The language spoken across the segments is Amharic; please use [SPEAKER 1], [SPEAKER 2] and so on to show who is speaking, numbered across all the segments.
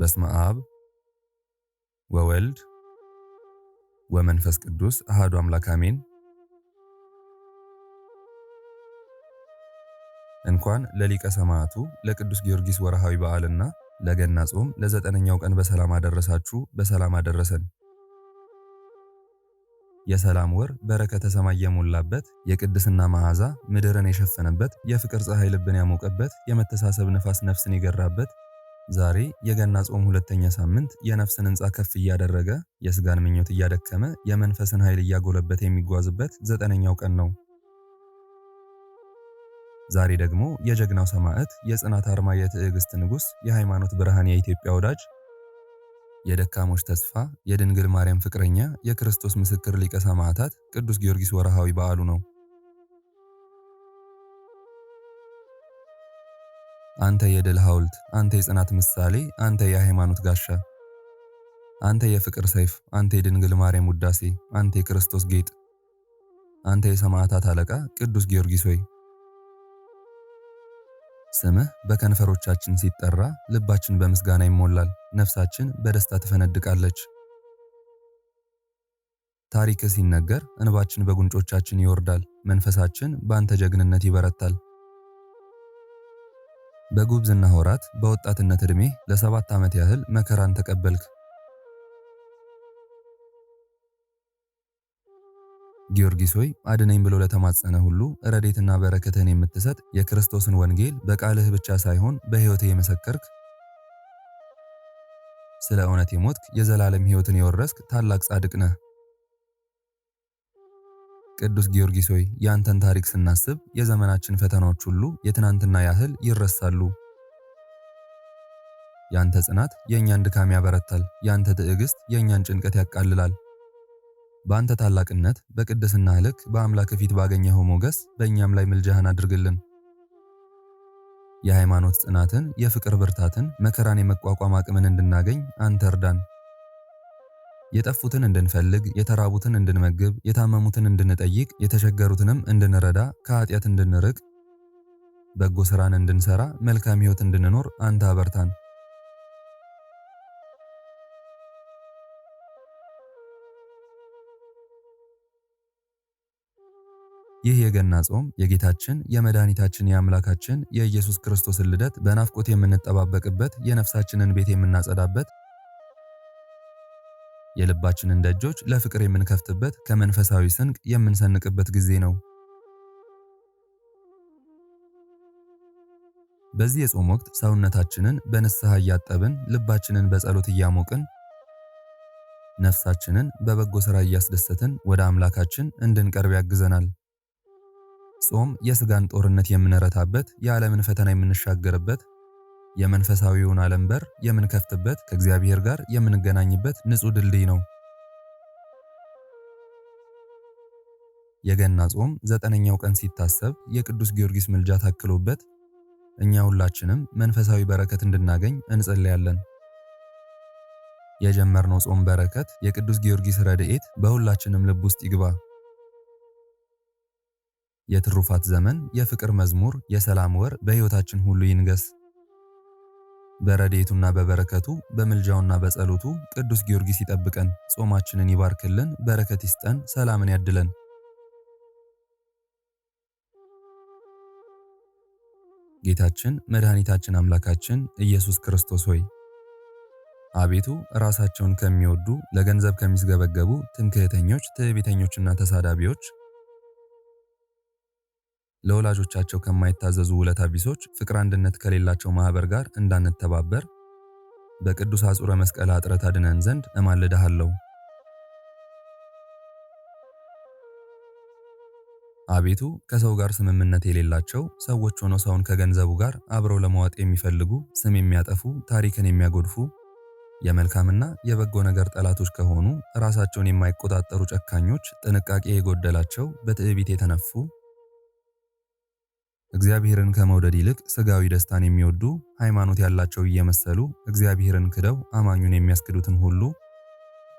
[SPEAKER 1] በስመ አብ ወወልድ ወመንፈስ ቅዱስ አሃዱ አምላክ አሜን። እንኳን ለሊቀ ሰማዕቱ ለቅዱስ ጊዮርጊስ ወርሃዊ በዓልና ለገና ጾም ለዘጠነኛው ቀን በሰላም አደረሳችሁ፣ በሰላም አደረሰን። የሰላም ወር በረከተ ሰማይ የሞላበት የቅድስና መዓዛ ምድርን የሸፈነበት የፍቅር ፀሐይ ልብን ያሞቀበት የመተሳሰብ ነፋስ ነፍስን የገራበት ዛሬ የገና ጾም ሁለተኛ ሳምንት የነፍስን ሕንፃ ከፍ እያደረገ የስጋን ምኞት እያደከመ የመንፈስን ኃይል እያጎለበት የሚጓዝበት ዘጠነኛው ቀን ነው። ዛሬ ደግሞ የጀግናው ሰማዕት የጽናት አርማ የትዕግስት ንጉሥ የሃይማኖት ብርሃን የኢትዮጵያ ወዳጅ የደካሞች ተስፋ የድንግል ማርያም ፍቅረኛ የክርስቶስ ምስክር ሊቀ ሰማዕታት ቅዱስ ጊዮርጊስ ወርሃዊ በዓሉ ነው። አንተ የድል ሐውልት፣ አንተ የጽናት ምሳሌ፣ አንተ የሃይማኖት ጋሻ፣ አንተ የፍቅር ሰይፍ፣ አንተ የድንግል ማርያም ውዳሴ፣ አንተ የክርስቶስ ጌጥ፣ አንተ የሰማዕታት አለቃ ቅዱስ ጊዮርጊስ ሆይ ስምህ በከንፈሮቻችን ሲጠራ ልባችን በምስጋና ይሞላል፣ ነፍሳችን በደስታ ትፈነድቃለች። ታሪክ ሲነገር እንባችን በጉንጮቻችን ይወርዳል፣ መንፈሳችን በአንተ ጀግንነት ይበረታል። በጉብዝና ወራት በወጣትነት ዕድሜ ለሰባት ዓመት ያህል መከራን ተቀበልክ። ጊዮርጊስ ሆይ አድነኝ ብሎ ለተማጸነ ሁሉ ረዴትና በረከትህን የምትሰጥ የክርስቶስን ወንጌል በቃልህ ብቻ ሳይሆን በሕይወቴ የመሰከርክ ስለ እውነት የሞትክ የዘላለም ሕይወትን የወረስክ ታላቅ ጻድቅ ነህ። ቅዱስ ጊዮርጊስ ሆይ ያንተን ታሪክ ስናስብ የዘመናችን ፈተናዎች ሁሉ የትናንትና ያህል ይረሳሉ። ያንተ ጽናት የእኛን ድካም ያበረታል፣ ያንተ ትዕግስት የእኛን ጭንቀት ያቃልላል። በአንተ ታላቅነት፣ በቅድስና ልክ በአምላክ ፊት ባገኘኸው ሞገስ በእኛም ላይ ምልጃህን አድርግልን። የሃይማኖት ጽናትን፣ የፍቅር ብርታትን፣ መከራን የመቋቋም አቅምን እንድናገኝ አንተ እርዳን። የጠፉትን እንድንፈልግ፣ የተራቡትን እንድንመግብ፣ የታመሙትን እንድንጠይቅ፣ የተቸገሩትንም እንድንረዳ፣ ከኃጢአት እንድንርቅ፣ በጎ ሥራን እንድንሠራ፣ መልካም ሕይወት እንድንኖር አንተ አበርታን። ይህ የገና ጾም የጌታችን የመድኃኒታችን የአምላካችን የኢየሱስ ክርስቶስን ልደት በናፍቆት የምንጠባበቅበት የነፍሳችንን ቤት የምናጸዳበት የልባችንን ደጆች ለፍቅር የምንከፍትበት ከመንፈሳዊ ስንቅ የምንሰንቅበት ጊዜ ነው። በዚህ የጾም ወቅት ሰውነታችንን በንስሐ እያጠብን ልባችንን በጸሎት እያሞቅን ነፍሳችንን በበጎ ሥራ እያስደሰትን ወደ አምላካችን እንድንቀርብ ያግዘናል። ጾም የሥጋን ጦርነት የምንረታበት፣ የዓለምን ፈተና የምንሻገርበት፣ የመንፈሳዊውን ዓለም በር የምንከፍትበት ከእግዚአብሔር ጋር የምንገናኝበት ንጹህ ድልድይ ነው። የገና ጾም ዘጠነኛው ቀን ሲታሰብ የቅዱስ ጊዮርጊስ ምልጃ ታክሎበት እኛ ሁላችንም መንፈሳዊ በረከት እንድናገኝ እንጸልያለን። የጀመርነው ጾም በረከት የቅዱስ ጊዮርጊስ ረድኤት በሁላችንም ልብ ውስጥ ይግባ። የትሩፋት ዘመን፣ የፍቅር መዝሙር፣ የሰላም ወር በሕይወታችን ሁሉ ይንገስ። በረዴቱና በበረከቱ በምልጃውና በጸሎቱ ቅዱስ ጊዮርጊስ ይጠብቀን፣ ጾማችንን ይባርክልን፣ በረከት ይስጠን፣ ሰላምን ያድለን። ጌታችን መድኃኒታችን አምላካችን ኢየሱስ ክርስቶስ ሆይ አቤቱ ራሳቸውን ከሚወዱ ለገንዘብ ከሚስገበገቡ ትምክህተኞች፣ ትዕቢተኞችና ተሳዳቢዎች ለወላጆቻቸው ከማይታዘዙ ውለታ ቢሶች፣ ፍቅር አንድነት ከሌላቸው ማህበር ጋር እንዳንተባበር በቅዱስ አጹረ መስቀል አጥረት አድነን ዘንድ እማልድሃለሁ። አቤቱ ከሰው ጋር ስምምነት የሌላቸው ሰዎች ሆነው ሰውን ከገንዘቡ ጋር አብረው ለመዋጥ የሚፈልጉ ስም የሚያጠፉ ታሪክን የሚያጎድፉ የመልካምና የበጎ ነገር ጠላቶች ከሆኑ ራሳቸውን የማይቆጣጠሩ ጨካኞች ጥንቃቄ የጎደላቸው በትዕቢት የተነፉ እግዚአብሔርን ከመውደድ ይልቅ ስጋዊ ደስታን የሚወዱ ሃይማኖት ያላቸው እየመሰሉ እግዚአብሔርን ክደው አማኙን የሚያስክዱትን ሁሉ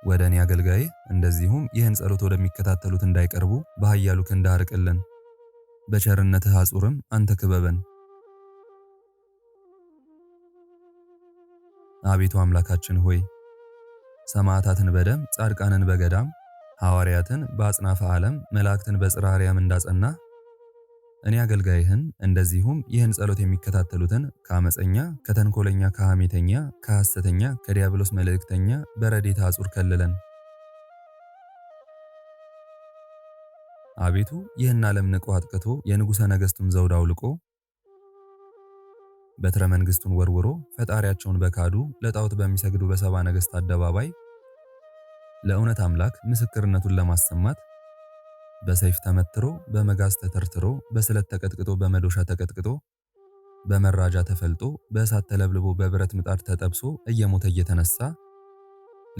[SPEAKER 1] ወደ እኔ አገልጋይ እንደዚሁም ይህን ጸሎት ወደሚከታተሉት እንዳይቀርቡ በኃያሉ ክንድ አርቅልን፣ በቸርነትህ አጹርም አንተ ክበበን። አቤቱ አምላካችን ሆይ ሰማዕታትን በደም ጻድቃንን በገዳም ሐዋርያትን በአጽናፈ ዓለም መላእክትን በጽርሐ አርያም እንዳጸና እኔ አገልጋይህን እንደዚሁም ይህን ጸሎት የሚከታተሉትን ከአመፀኛ፣ ከተንኮለኛ፣ ከሐሜተኛ፣ ከሐሰተኛ፣ ከዲያብሎስ መልእክተኛ በረዴታ አጹር ከልለን። አቤቱ ይህን ዓለም ንቆ አጥቅቶ የንጉሠ ነገሥቱን ዘውድ አውልቆ በትረ መንግሥቱን ወርውሮ ፈጣሪያቸውን በካዱ ለጣዖት በሚሰግዱ በሰባ ነገሥት አደባባይ ለእውነት አምላክ ምስክርነቱን ለማሰማት በሰይፍ ተመትሮ በመጋዝ ተተርትሮ በስለት ተቀጥቅጦ በመዶሻ ተቀጥቅጦ በመራጃ ተፈልጦ በእሳት ተለብልቦ በብረት ምጣድ ተጠብሶ እየሞተ እየተነሳ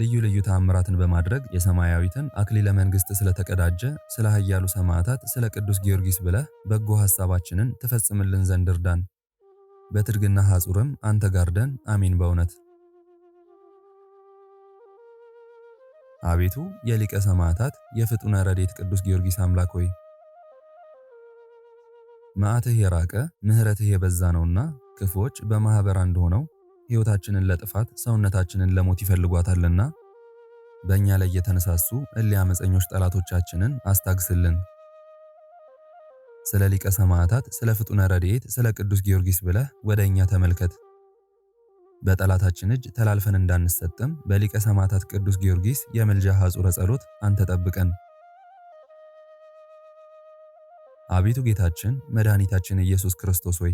[SPEAKER 1] ልዩ ልዩ ተአምራትን በማድረግ የሰማያዊትን አክሊለ ለመንግስት ስለተቀዳጀ ስለ ኃያሉ ሰማዕታት ስለ ቅዱስ ጊዮርጊስ ብለህ በጎ ሐሳባችንን ትፈጽምልን ዘንድ እርዳን። በትድግና ሐጹርም አንተ ጋርደን። አሚን በእውነት አቤቱ የሊቀ ሰማዕታት የፍጡነ ረድኤት ቅዱስ ጊዮርጊስ አምላክ ሆይ መዓትህ የራቀ ምሕረትህ የበዛ ነውና ክፉዎች በማኅበር አንድ ሆነው ሕይወታችንን ለጥፋት ሰውነታችንን ለሞት ይፈልጓታልና በእኛ ላይ የተነሳሱ እሊ አመፀኞች ጠላቶቻችንን አስታግስልን። ስለ ሊቀ ሰማዕታት ስለ ፍጡነ ረድኤት ስለ ቅዱስ ጊዮርጊስ ብለህ ወደ እኛ ተመልከት። በጠላታችን እጅ ተላልፈን እንዳንሰጥም በሊቀ ሰማዕታት ቅዱስ ጊዮርጊስ የምልጃ ሐጹረ ጸሎት አንተ ጠብቀን። አቤቱ ጌታችን መድኃኒታችን ኢየሱስ ክርስቶስ ሆይ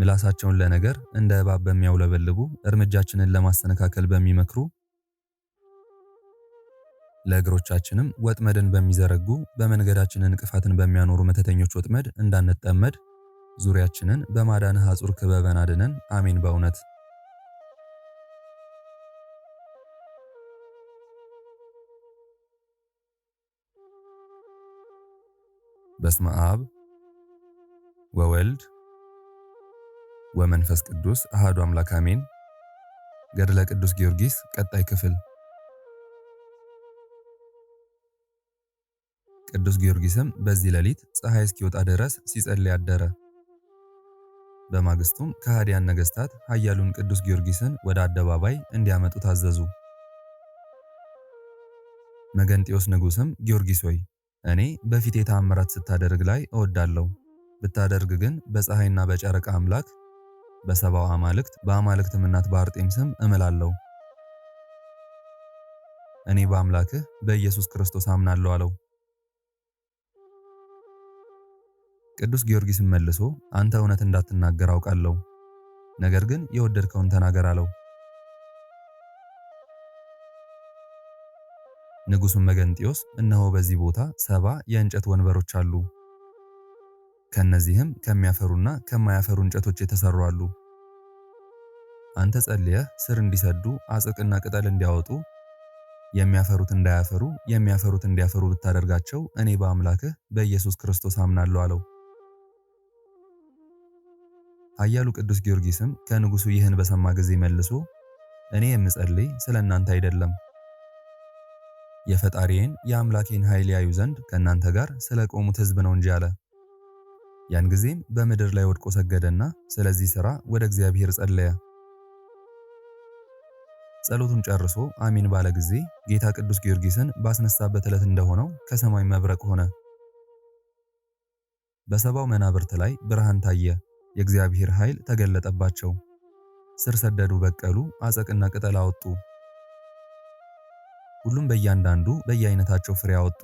[SPEAKER 1] ምላሳቸውን ለነገር እንደ እባብ በሚያውለበልቡ እርምጃችንን ለማሰነካከል በሚመክሩ ለእግሮቻችንም ወጥመድን በሚዘረጉ በመንገዳችንን እንቅፋትን በሚያኖሩ መተተኞች ወጥመድ እንዳንጠመድ ዙሪያችንን በማዳንህ አጹር ክበበን አድነን። አሜን በእውነት በስመ አብ ወወልድ ወመንፈስ ቅዱስ አሃዱ አምላክ አሜን። ገድለ ቅዱስ ጊዮርጊስ ቀጣይ ክፍል። ቅዱስ ጊዮርጊስም በዚህ ሌሊት ፀሐይ እስኪወጣ ድረስ ሲጸልይ አደረ። በማግስቱም ከሃዲያን ነገሥታት ኃያሉን ቅዱስ ጊዮርጊስን ወደ አደባባይ እንዲያመጡ ታዘዙ። መገንጢዮስ ንጉሥም ጊዮርጊስ ሆይ እኔ በፊቴ ታምራት ስታደርግ ላይ እወዳለሁ። ብታደርግ ግን በፀሐይና በጨረቃ አምላክ በሰባው አማልክት በአማልክትም እናት በአርጤም ስም እምላለሁ። እኔ በአምላክህ በኢየሱስ ክርስቶስ አምናለሁ አለው። ቅዱስ ጊዮርጊስም መልሶ አንተ እውነት እንዳትናገር አውቃለሁ፣ ነገር ግን የወደድከውን ተናገር አለው። ንጉሱን መገንጢዮስ እነሆ በዚህ ቦታ ሰባ የእንጨት ወንበሮች አሉ፣ ከነዚህም ከሚያፈሩና ከማያፈሩ እንጨቶች የተሰሩ አሉ። አንተ ጸልየህ ስር እንዲሰዱ አጽቅና ቅጠል እንዲያወጡ የሚያፈሩት እንዳያፈሩ የሚያፈሩት እንዲያፈሩ ብታደርጋቸው እኔ በአምላክህ በኢየሱስ ክርስቶስ አምናለሁ አለው። ኃያሉ ቅዱስ ጊዮርጊስም ከንጉሱ ይህን በሰማ ጊዜ መልሶ እኔ የምጸልይ ስለ እናንተ አይደለም የፈጣሪዬን የአምላኬን ኃይል ያዩ ዘንድ ከእናንተ ጋር ስለቆሙት ቆሙት ሕዝብ ነው እንጂ አለ። ያን ጊዜም በምድር ላይ ወድቆ ሰገደና ስለዚህ ሥራ ወደ እግዚአብሔር ጸለየ። ጸሎቱን ጨርሶ አሚን ባለ ጊዜ ጌታ ቅዱስ ጊዮርጊስን ባስነሳበት ዕለት እንደሆነው ከሰማይ መብረቅ ሆነ። በሰባው መናብርት ላይ ብርሃን ታየ። የእግዚአብሔር ኃይል ተገለጠባቸው። ስር ሰደዱ፣ በቀሉ፣ አጸቅና ቅጠል አወጡ። ሁሉም በእያንዳንዱ በየአይነታቸው ፍሬ አወጡ።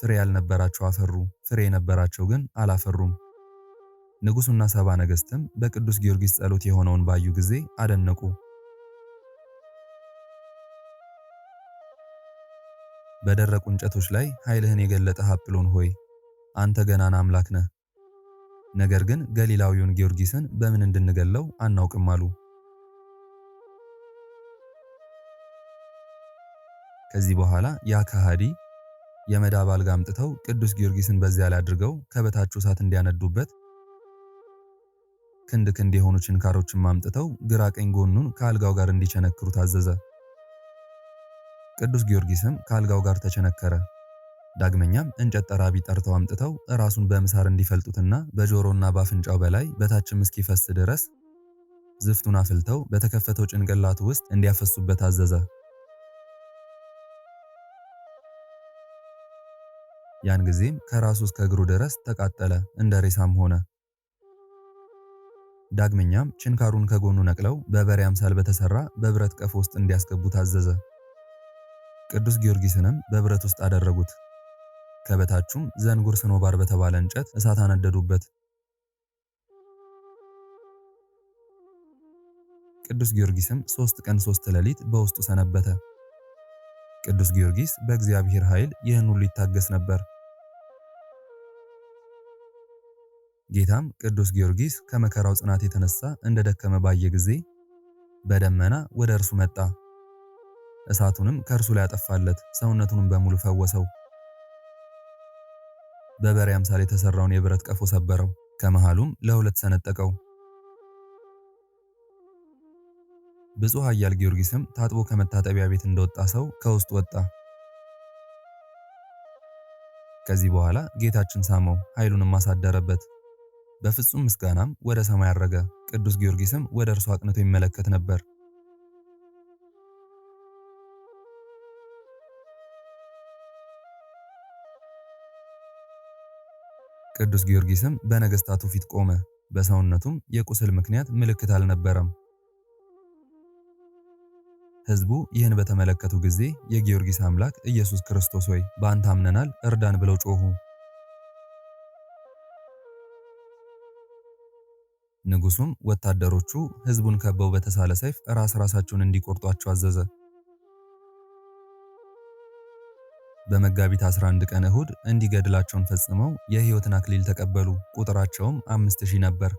[SPEAKER 1] ፍሬ ያልነበራቸው አፈሩ፣ ፍሬ የነበራቸው ግን አላፈሩም። ንጉሱና ሰባ ነገስትም በቅዱስ ጊዮርጊስ ጸሎት የሆነውን ባዩ ጊዜ አደነቁ። በደረቁ እንጨቶች ላይ ኃይልህን የገለጠ ሐጵሎን ሆይ አንተ ገናና አምላክ ነህ። ነገር ግን ገሊላዊውን ጊዮርጊስን በምን እንድንገለው አናውቅም አሉ። ከዚህ በኋላ ያ ከሃዲ የመዳብ አልጋ አምጥተው ቅዱስ ጊዮርጊስን በዚያ ላይ አድርገው ከበታቹ እሳት እንዲያነዱበት ክንድ ክንድ የሆኑ ችንካሮችን አምጥተው ግራ ቀኝ ጎኑን ከአልጋው ጋር እንዲቸነክሩ ታዘዘ። ቅዱስ ጊዮርጊስም ከአልጋው ጋር ተቸነከረ። ዳግመኛም እንጨት ጠራቢ ጠርተው አምጥተው ራሱን በምሳር እንዲፈልጡትና በጆሮና በአፍንጫው በላይ በታችም እስኪፈስ ድረስ ዝፍቱን አፍልተው በተከፈተው ጭንቅላቱ ውስጥ እንዲያፈሱበት አዘዘ። ያን ጊዜም ከራሱ እስከ እግሩ ድረስ ተቃጠለ፣ እንደ ሬሳም ሆነ። ዳግመኛም ችንካሩን ከጎኑ ነቅለው በበሬ አምሳል በተሰራ በብረት ቀፍ ውስጥ እንዲያስገቡ ታዘዘ። ቅዱስ ጊዮርጊስንም በብረት ውስጥ አደረጉት። ከበታቹም ዘንጉር ስኖባር በተባለ እንጨት እሳት አነደዱበት። ቅዱስ ጊዮርጊስም ሶስት ቀን ሶስት ሌሊት በውስጡ ሰነበተ። ቅዱስ ጊዮርጊስ በእግዚአብሔር ኃይል ይህን ሁሉ ይታገስ ነበር። ጌታም ቅዱስ ጊዮርጊስ ከመከራው ጽናት የተነሳ እንደደከመ ባየ ጊዜ በደመና ወደ እርሱ መጣ። እሳቱንም ከእርሱ ላይ አጠፋለት፣ ሰውነቱንም በሙሉ ፈወሰው። በበሬ አምሳል የተሰራውን የብረት ቀፎ ሰበረው፣ ከመሃሉም ለሁለት ሰነጠቀው። ብፁዕ ኃያል ጊዮርጊስም ታጥቦ ከመታጠቢያ ቤት እንደወጣ ሰው ከውስጥ ወጣ። ከዚህ በኋላ ጌታችን ሳመው፣ ኃይሉንም አሳደረበት። በፍጹም ምስጋናም ወደ ሰማይ አረገ። ቅዱስ ጊዮርጊስም ወደ እርሱ አቅንቶ ይመለከት ነበር። ቅዱስ ጊዮርጊስም በነገስታቱ ፊት ቆመ። በሰውነቱም የቁስል ምክንያት ምልክት አልነበረም። ሕዝቡ ይህን በተመለከቱ ጊዜ የጊዮርጊስ አምላክ ኢየሱስ ክርስቶስ ሆይ በአንተ አምነናል፣ እርዳን ብለው ጮኹ። ንጉሱም ወታደሮቹ ህዝቡን ከበው በተሳለ ሰይፍ ራስ ራሳቸውን እንዲቆርጧቸው አዘዘ። በመጋቢት 11 ቀን እሁድ እንዲገድላቸውን ፈጽመው የህይወትን አክሊል ተቀበሉ። ቁጥራቸውም አምስት ነበር።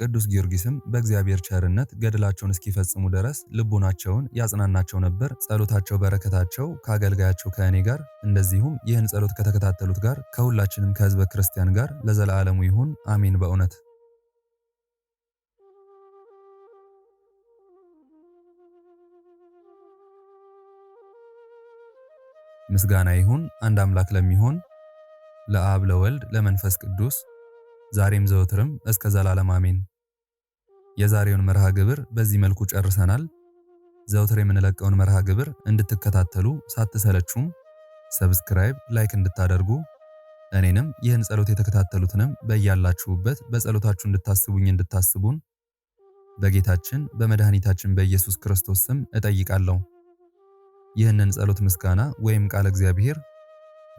[SPEAKER 1] ቅዱስ ጊዮርጊስም በእግዚአብሔር ቸርነት ገድላቸውን እስኪፈጽሙ ድረስ ልቡናቸውን ያጽናናቸው ነበር። ጸሎታቸው በረከታቸው ከአገልጋያቸው ከእኔ ጋር እንደዚሁም ይህን ጸሎት ከተከታተሉት ጋር ከሁላችንም ከህዝበ ክርስቲያን ጋር ለዘላለሙ ይሁን አሜን በእውነት ምስጋና ይሁን አንድ አምላክ ለሚሆን ለአብ ለወልድ ለመንፈስ ቅዱስ ዛሬም ዘወትርም እስከ ዘላለም አሜን። የዛሬውን መርሃ ግብር በዚህ መልኩ ጨርሰናል። ዘወትር የምንለቀውን መርሃ ግብር እንድትከታተሉ ሳትሰለቹም ሰብስክራይብ፣ ላይክ እንድታደርጉ እኔንም ይህን ጸሎት የተከታተሉትንም በያላችሁበት በጸሎታችሁ እንድታስቡኝ እንድታስቡን በጌታችን በመድኃኒታችን በኢየሱስ ክርስቶስ ስም እጠይቃለሁ። ይህንን ጸሎት ምስጋና ወይም ቃለ እግዚአብሔር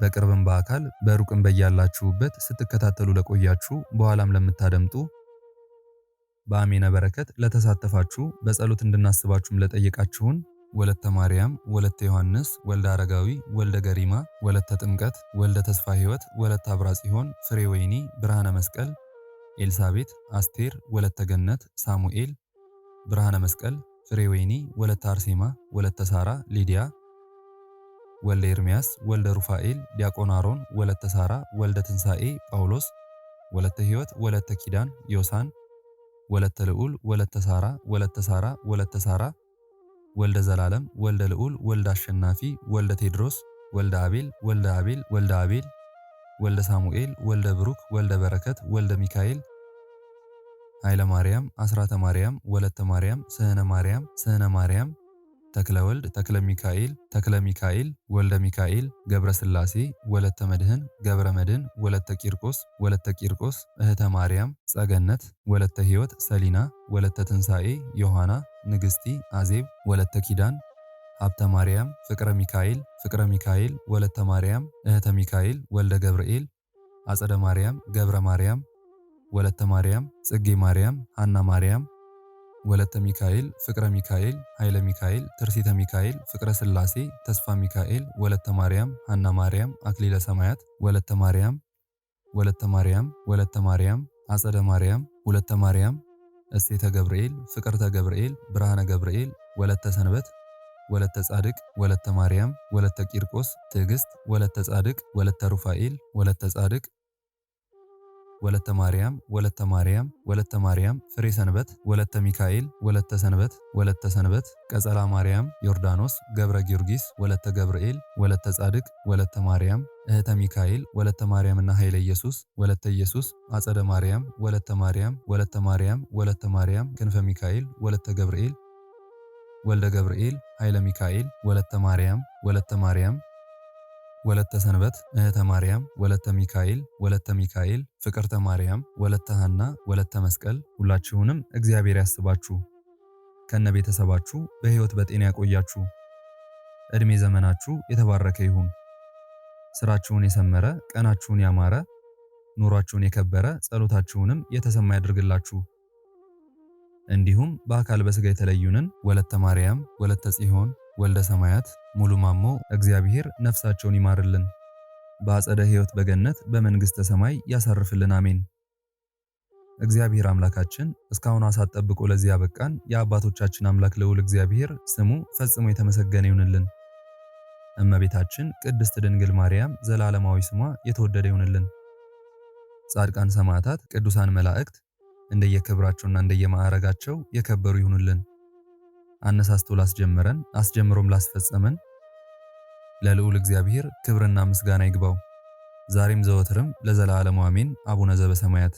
[SPEAKER 1] በቅርብም በአካል በሩቅም በያላችሁበት ስትከታተሉ ለቆያችሁ በኋላም ለምታደምጡ በአሜነ በረከት ለተሳተፋችሁ በጸሎት እንድናስባችሁም ለጠየቃችሁን ወለተ ማርያም፣ ወለተ ዮሐንስ፣ ወልደ አረጋዊ፣ ወልደ ገሪማ፣ ወለተ ጥምቀት፣ ወልደ ተስፋ ሕይወት፣ ወለተ አብራ ጽዮን፣ ፍሬ ወይኒ፣ ብርሃነ መስቀል፣ ኤልሳቤት፣ አስቴር፣ ወለተ ገነት፣ ሳሙኤል፣ ብርሃነ መስቀል ፍሬወይኒ፣ ወለተ አርሴማ፣ ወለተ ሳራ፣ ሊዲያ፣ ወልደ ኤርሚያስ፣ ወልደ ሩፋኤል፣ ዲያቆን አሮን፣ ወለተ ሳራ፣ ወልደ ትንሣኤ፣ ጳውሎስ፣ ወለተ ሕይወት፣ ወለተ ኪዳን፣ ዮሳን፣ ወለተ ልዑል፣ ወለተ ሳራ፣ ወለተ ሳራ፣ ወለተ ሳራ፣ ወልደ ዘላለም፣ ወልደ ልዑል፣ ወልደ አሸናፊ፣ ወልደ ቴድሮስ፣ ወልደ አቤል፣ ወልደ አቤል፣ ወልደ አቤል፣ ወልደ ሳሙኤል፣ ወልደ ብሩክ፣ ወልደ በረከት፣ ወልደ ሚካኤል ኃይለ ማርያም፣ አስራተ ማርያም፣ ወለተ ማርያም፣ ስህነ ማርያም፣ ስህነ ማርያም፣ ተክለ ወልድ፣ ተክለ ሚካኤል፣ ተክለ ሚካኤል፣ ወልደ ሚካኤል፣ ገብረ ስላሴ፣ ወለተ መድህን፣ ገብረ መድህን፣ ወለተ ቂርቆስ፣ ወለተ ቂርቆስ፣ እህተ ማርያም፣ ጸገነት፣ ወለተ ሕይወት፣ ሰሊና፣ ወለተ ትንሣኤ፣ ዮሐና፣ ንግሥቲ፣ አዜብ፣ ወለተ ኪዳን ሀብተ ማርያም፣ ፍቅረ ሚካኤል፣ ፍቅረ ሚካኤል፣ ወለተ ማርያም፣ እህተ ሚካኤል፣ ወልደ ገብርኤል፣ አጸደ ማርያም፣ ገብረ ማርያም፣ ወለተ ማርያም፣ ጽጌ ማርያም፣ ሀና ማርያም፣ ወለተ ሚካኤል፣ ፍቅረ ሚካኤል፣ ኃይለ ሚካኤል፣ ትርሲተ ሚካኤል፣ ፍቅረ ስላሴ ተስፋ ሚካኤል፣ ወለተ ማርያም፣ አና ማርያም፣ አክሊለ ሰማያት፣ ወለተ ማርያም፣ ወለተ ማርያም፣ ወለተ ማርያም፣ አጸደ ማርያም፣ ሁለተ ማርያም፣ እሴተ ገብርኤል፣ ፍቅርተ ገብርኤል፣ ብርሃነ ገብርኤል፣ ወለተ ሰንበት፣ ወለተ ጻድቅ፣ ወለተ ማርያም፣ ወለተ ቂርቆስ፣ ትዕግስት፣ ወለተ ጻድቅ፣ ወለተ ሩፋኤል፣ ወለተ ጻድቅ ወለተ ማርያም ወለተ ማርያም ወለተ ማርያም ፍሬ ሰንበት ወለተ ሚካኤል ወለተ ሰንበት ወለተ ሰንበት ቀጸላ ማርያም ዮርዳኖስ ገብረ ጊዮርጊስ ወለተ ገብርኤል ወለተ ጻድቅ ወለተ ማርያም እህተ ሚካኤል ወለተ ማርያምና ኃይለ ኢየሱስ ወለተ ኢየሱስ አጸደ ማርያም ወለተ ማርያም ወለተ ማርያም ወለተ ማርያም ክንፈ ሚካኤል ወለተ ገብርኤል ወልደ ገብርኤል ኃይለ ሚካኤል ወለተ ማርያም ወለተ ማርያም ወለተ ሰንበት፣ እህተ ማርያም፣ ወለተ ሚካኤል፣ ወለተ ሚካኤል፣ ፍቅርተ ማርያም፣ ወለተ ሐና፣ ወለተ መስቀል ሁላችሁንም እግዚአብሔር ያስባችሁ ከነ ቤተሰባችሁ በህይወት በጤና ያቆያችሁ። እድሜ ዘመናችሁ የተባረከ ይሁን። ስራችሁን የሰመረ፣ ቀናችሁን ያማረ፣ ኑሯችሁን የከበረ፣ ጸሎታችሁንም የተሰማ ያድርግላችሁ። እንዲሁም በአካል በስጋ የተለዩንን ወለተ ማርያም፣ ወለተ ጽዮን ወልደ ሰማያት ሙሉ ማሞ እግዚአብሔር ነፍሳቸውን ይማርልን፣ በአጸደ ሕይወት በገነት በመንግሥተ ሰማይ ያሳርፍልን፣ አሜን። እግዚአብሔር አምላካችን እስካሁን አሳት ጠብቆ ለዚህ ያበቃን የአባቶቻችን አምላክ ልዑል እግዚአብሔር ስሙ ፈጽሞ የተመሰገነ ይሁንልን። እመቤታችን ቅድስት ድንግል ማርያም ዘላለማዊ ስሟ የተወደደ ይሁንልን። ጻድቃን ሰማዕታት፣ ቅዱሳን መላእክት እንደየክብራቸውና እንደየማዕረጋቸው የከበሩ ይሁኑልን። አነሳስቶ ላስጀመረን አስጀምሮም ላስፈጸመን ለልዑል እግዚአብሔር ክብርና ምስጋና ይግባው ዛሬም ዘወትርም ለዘላለሙ አሜን። አቡነ ዘበሰማያት